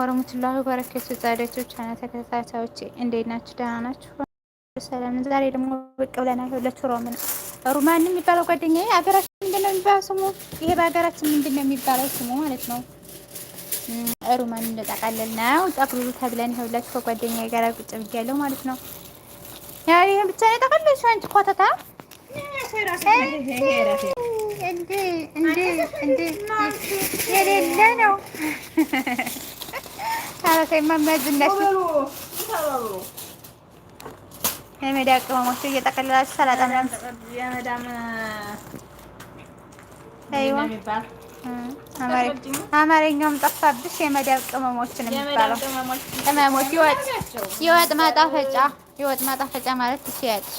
ወረሙትላሁ ወበረከቱ ዛሬቶች ቻና ተከታታዮች እንዴት ናችሁ? ደህና ናችሁ? ሰላም። ዛሬ ደግሞ ብቅ ብለናል። ሁለት ሮምን ሩማን የሚባለው ጓደኛ ሀገራችን ምንድን ነው የሚባለው ስሙ? ይሄ በሀገራችን ምንድን ነው የሚባለው ስሙ ማለት ነው። ሩማን እንደጠቃለል ነው ጠቅልሉ ተብለን ይሄ ሁለት ከጓደኛ ጋር ቁጭ ብያለሁ ማለት ነው። ያ ይሄ ብቻ ነው ጠቅልል አንቺ ኮተታ እንዴ እንዴ እንዴ የሌለ ነው ኧረ ተይማ የሚያዝናችሁ የሜዳ ቅመሞች እየጠቀለላችሁ ሰላጣ አማርኛውም ጠፋብሽ። የመዳብ ቅመሞችን የሚባለው ቅመሞች የወጥ ማጣፈጫ የወጥ ማጣፈጫ ማለት ትችያለሽ።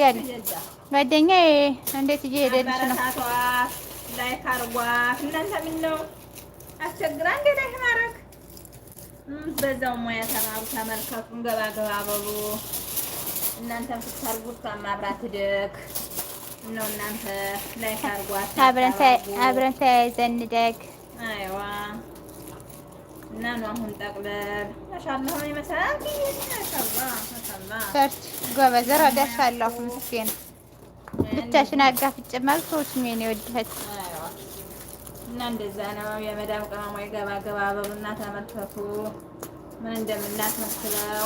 ያለ ጓደኛ እንዴት እየሄደልሽ ነው? ላይ እናንተ ምን ነው አስቸግራ እንዴ ማረክ በዛው ሙያ ተማሩ፣ ገባ ገባ በሉ እናንተም ስታርጉት ደግ ነው። እናንተ አብረን ተያይዘን ደግ አይዋ እና ነው አሁን ጠቅለል ማሻአላ ሆነ ይመስላል። ሰርች ጎበዝ ረዳሻለሁ። ምስኪን ብቻሽን አጋፍጭ ማለት ሰዎች ምን እና እንደዛ ነው። የመዳም ቅመማ ገባ ገባ በሉና ተመልከቱ ምን እንደምናስመስለው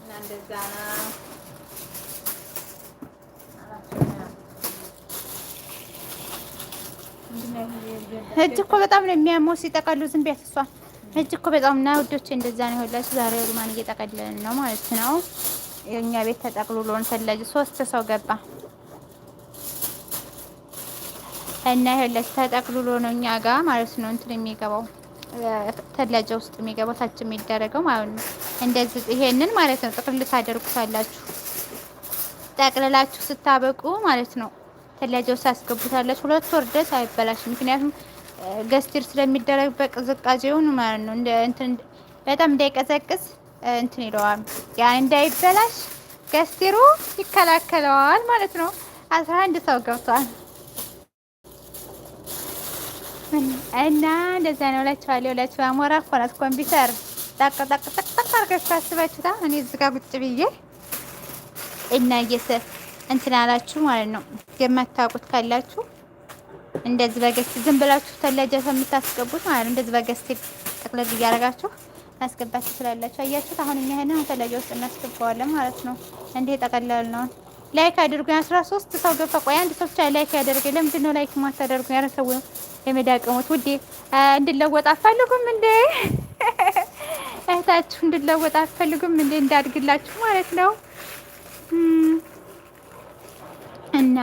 እና እንደዛ ነው። እጅ እኮ በጣም ነው የሚያመው ሲጠቀሉ። ዝም ቢያት እሷን እጅ እኮ በጣም እና ውዶቼ፣ እንደዛ ነው ይኸውላችሁ። ዛሬ ሩማን እየጠቀለልን ነው ማለት ነው። የእኛ ቤት ተጠቅልሎን ፈላጊ ሶስት ሰው ገባ እና ይኸውላችሁ ተጠቅልሎ ነው እኛ ጋር ማለት ነው እንትን የሚገባው ተላጃ ውስጥ የሚገባው ታች የሚደረገው ማለት ነው። እንደዚህ ይሄንን ማለት ነው ጥቅልል ታደርጉታላችሁ። ጠቅልላችሁ ስታበቁ ማለት ነው ተለያየ ውስጥ አስገቡታለች። ሁለት ወር ድረስ አይበላሽ። ምክንያቱም ገስቲር ስለሚደረግ በቅዝቃዜውን ማለት ነው እንትን በጣም እንዳይቀዘቅዝ እንትን ይለዋል። ያ እንዳይበላሽ ገስቲሩ ይከላከለዋል ማለት ነው። አስራ አንድ ሰው ገብቷል እና እንደዛ ነው እላችኋለሁ። እላችሁ አሞራ እኮ ናት ኮምፒውተር ጠቅ ጠቅ ጠቅ እኔ እዚህ ጋ ቁጭ ብዬ እና እየሰፍ እንትን አላችሁ ማለት ነው። የማታውቁት ካላችሁ እንደዚህ በገስት ዝም ብላችሁ ተለጃ ከምታስገቡት ማለት ነው። እንደዚህ በገስት ጠቅለል እያደረጋችሁ ማስገባት ትችላላችሁ። አያችሁት? አሁን እኛ ይሄንን ተለጃ ውስጥ እናስገባዋለን ማለት ነው። እንዲህ የጠቀለል ነው። ላይክ አድርጉ። አስራ ሶስት ሰው ገባ። ቆይ አንድ ሰው ብቻ ላይክ ያደርገ። ለምንድን ነው ላይክ ማታደርጉ? ኧረ ሰው የመዳቀሙት ውዴ እንድለወጥ አትፈልጉም እንዴ? እህታችሁ እንድለወጥ አትፈልጉም እንዴ? እንዳድግላችሁ ማለት ነው። እና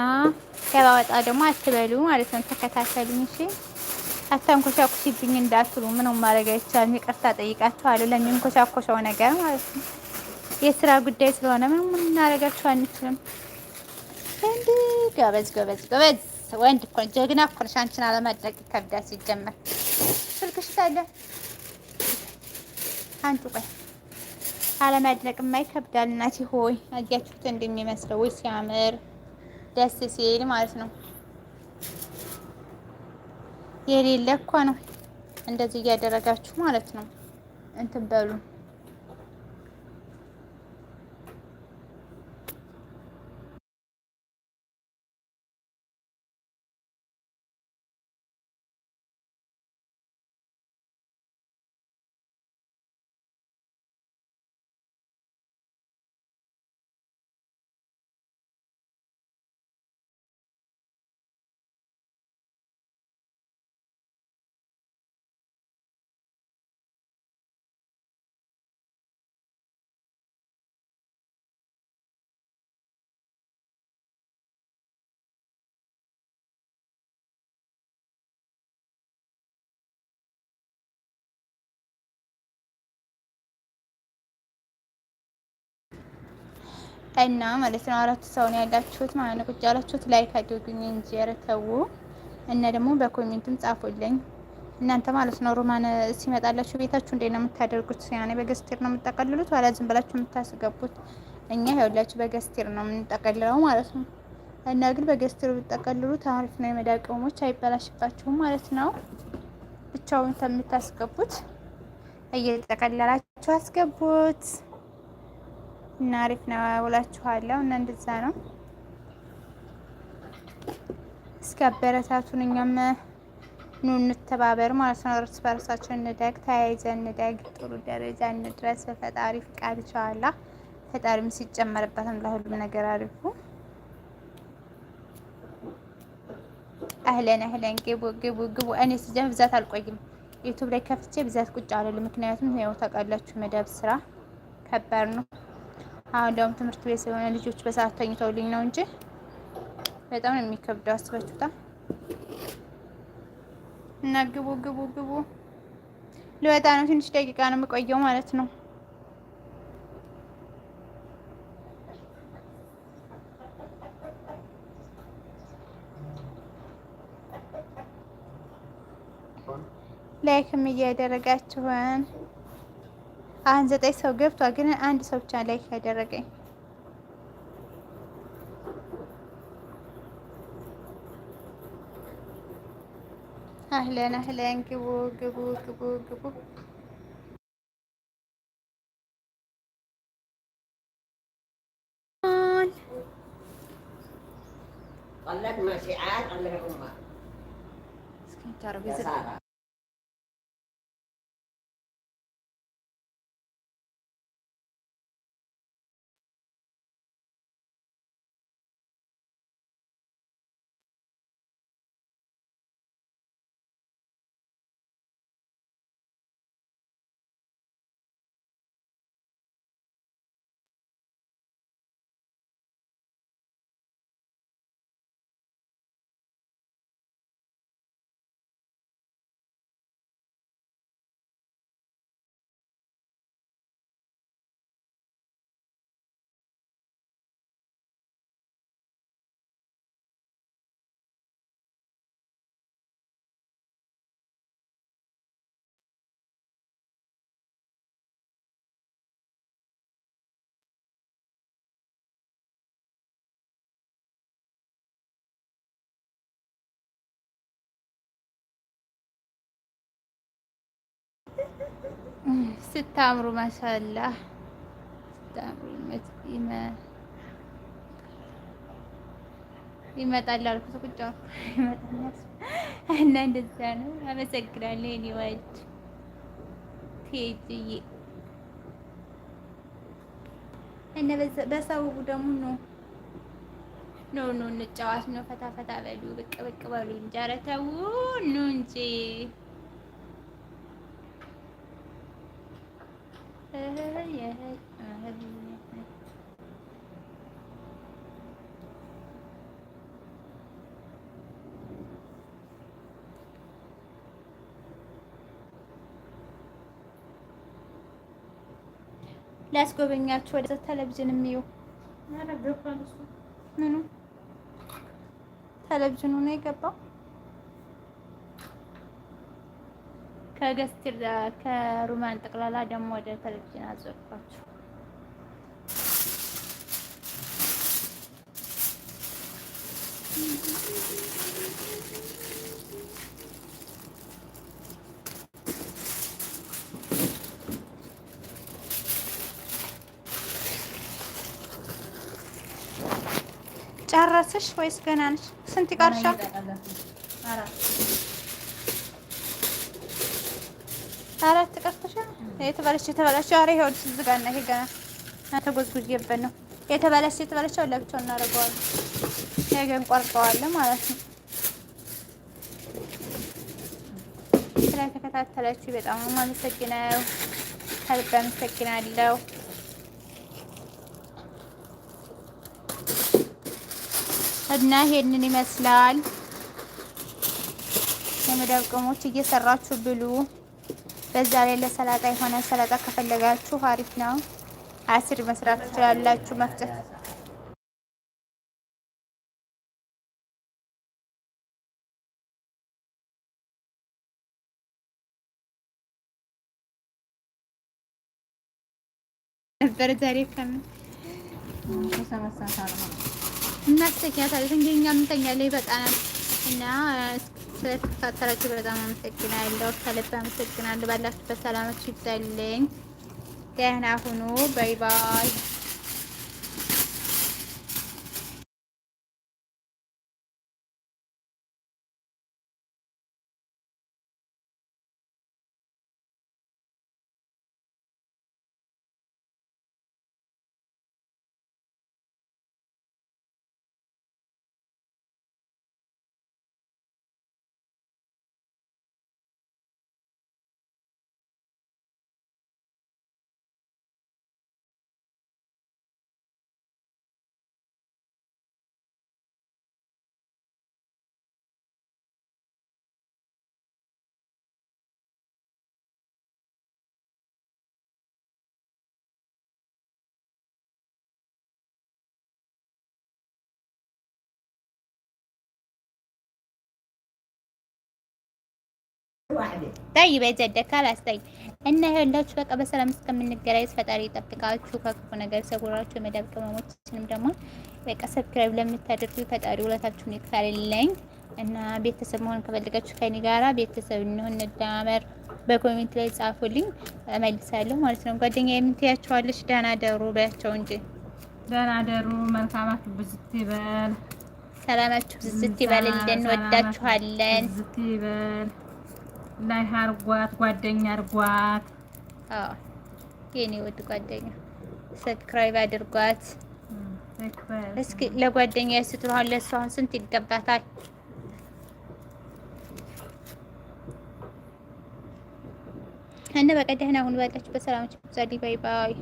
ገባ ወጣ ደግሞ አትበሉ ማለት ነው። ተከታተሉኝ እሺ። አታንኮሻኩሽብኝ እንዳትሉ ምንም ማድረግ አይቻልም። ይቅርታ ጠይቃችኋለሁ ለሚንኮሻኮሻው ነገር ማለት ነው። የስራ ጉዳይ ስለሆነ ምንም እናደርጋችሁ አንችልም። እንዲ ጎበዝ ጎበዝ ጎበዝ ወንድ እኮ ጀግና እኮ ነሽ። አንቺን አለማድነቅ ይከብዳል። ሲጀመር ስልክሽ ታዲያ አንቺ ቆይ አለማድነቅማ ይከብዳል። እናቴ ሆይ አያችሁት እንደሚመስለው ወይ ሲያምር ደስ ሲል ማለት ነው። የሌለ እኮ ነው እንደዚህ እያደረጋችሁ ማለት ነው እንትን በሉ እና ማለት ነው አራት ሰው ነው ያላችሁት ማለት ነው ቁጭ ያላችሁት። ላይክ አድርጉኝ እንጂ ኧረ እና ደግሞ በኮሜንትም ጻፉልኝ እናንተ ማለት ነው። ሮማን ሲመጣላችሁ ቤታችሁ እንዴት ነው የምታደርጉት? ያኔ በገስቲር ነው የምጠቀልሉት ዋላ ዝም ብላችሁ የምታስገቡት? እኛ ይኸውላችሁ በገስቲር ነው የምንጠቀልለው ማለት ነው። እና ግን በገስቲር ብትጠቀልሉት አሪፍ ነው። የመዳቀሞች አይበላሽባችሁም ማለት ነው። ብቻውን የምታስገቡት እየጠቀለላችሁ አስገቡት። እና አሪፍ ነው እላችኋለሁ። እና እንደዛ ነው። እስኪ አበረታቱን፣ እኛም ኑ እንተባበር ማለት ነው። እርስ በርሳችን እንደግ፣ ተያይዘን እንደግ፣ ጥሩ ደረጃ እንድረስ። በፈጣሪ ፍቃድ ይቻላል። ፈጣሪም ሲጨመርበትም ለሁሉም ነገር አሪፉ አህለን አህለን ግቡ ግቡ ግቡ። እኔ ስጀም ብዛት አልቆይም ዩቱብ ላይ ከፍቼ ብዛት ቁጭ አልልም። ምክንያቱም ያው ታውቃላችሁ መዳብ ስራ ከባድ ነው። አሁን ደግሞ ትምህርት ቤት ስለሆነ ልጆች በሰዓት ተኝተውልኝ ነው እንጂ በጣም ነው የሚከብደው። አስበችሁታ እና ግቡ ግቡ ግቡ። ልወጣ ነው። ትንሽ ደቂቃ ነው የምቆየው ማለት ነው። ላይክም እያደረጋችሁን አንድ ዘጠኝ ሰው ገብቷል፣ ግን አንድ ሰው ብቻ ላይ ያደረገኝ አህለን አህለን፣ ግቡ ግቡ ግቡ ግቡ። ጠለቅ መሲዓት ጠለቅ ማ ስታምሩ ማሻላ ስታምሩ ይመጣል አልኩት። ቁጭ ይመጣል እና እንደዛ ነው። አመሰግናለሁ የኔ ወድ ቴጅዬ እና በሰው ደግሞ ነው ኖ ኖ እንጫወት ነው። ፈታ ፈታ በሉ ብቅ ብቅ በሉ እንጂ ኧረ ተው ኑ እንጂ ላስጎበኛችሁ ወደ ቴሌቪዥን የሚዩ ምኑ ቴሌቪዥኑ ነው የገባው። ከገስቲር ከሩማን ጠቅላላ ደግሞ ወደ ቴሌቪዥን አዘርኳችሁ። ጨረስሽ ወይስ ገና ነሽ? ስንት ይቀርሻል? የተበላሸ የተበላሸ አረ ይሄው ነው ይሄ ገና ተጎዝጉዤበት ነው። የተበላሸ የተበላሸ ለብቻው እናደርገዋለን። ይሄ ግን ቆርጠዋለን ማለት ነው። ስለተከታተላችሁ በጣም ነው የማመሰግነው። ከልብ አመሰግናለሁ። እና ይሄንን ይመስላል የመዳብ ቅሞች እየሰራችሁ ብሉ። በዛ ላይ ለሰላጣ የሆነ ሰላጣ ከፈለጋችሁ አሪፍ ነው። አሲር መስራት ትችላላችሁ መፍጨት ነበር ዛሬ ከምን እና ስተኪያታለች እንግዲህ እኛ ምንተኛ ላይ በጣም እና ስለተከታተላችሁ በጣም አመሰግናለሁ። ከልብ አመሰግናለሁ። ባላችሁበት ሰላማችሁ ይብዛልኝ። ደህና ሁኑ። ባይ ባይ። ጠይበ ዘደካ ላስተይ እና ይኸውላችሁ በቃ በሰላም እስከምንገናኝ ፈጣሪ ይጠብቃችሁ ከክፉ ነገር ሰጉራችሁ። የመዳብ ቅመሞችንም ደግሞ በቃ ሰብስክራይብ ለምታደርጉ ፈጣሪ ውለታችሁን ይክፈልልኝ እና ቤተሰብ መሆን ከፈለጋችሁ ከኔ ጋራ ቤተሰብ እንሆን እንደማመር በኮሜንት ላይ ጻፉልኝ፣ እመልሳለሁ ማለት ነው። ደህና ደሩ በያቸው እንጂ ደህና ደሩ። መልካማችሁ ብዝት ይበል። ሰላማችሁ ብዝት ብዝት ይበል። ላይ አርጓት ጓደኛ አርጓት። አዎ የኔ ውድ ጓደኛ ሰብስክራይብ አድርጓት። እስኪ ለጓደኛ ስትሉ አሁን አሁን ስንት ይገባታል? እና በቀደህና አሁን ባላችሁ በሰላማችሁ ዛዲ ባይ ባይ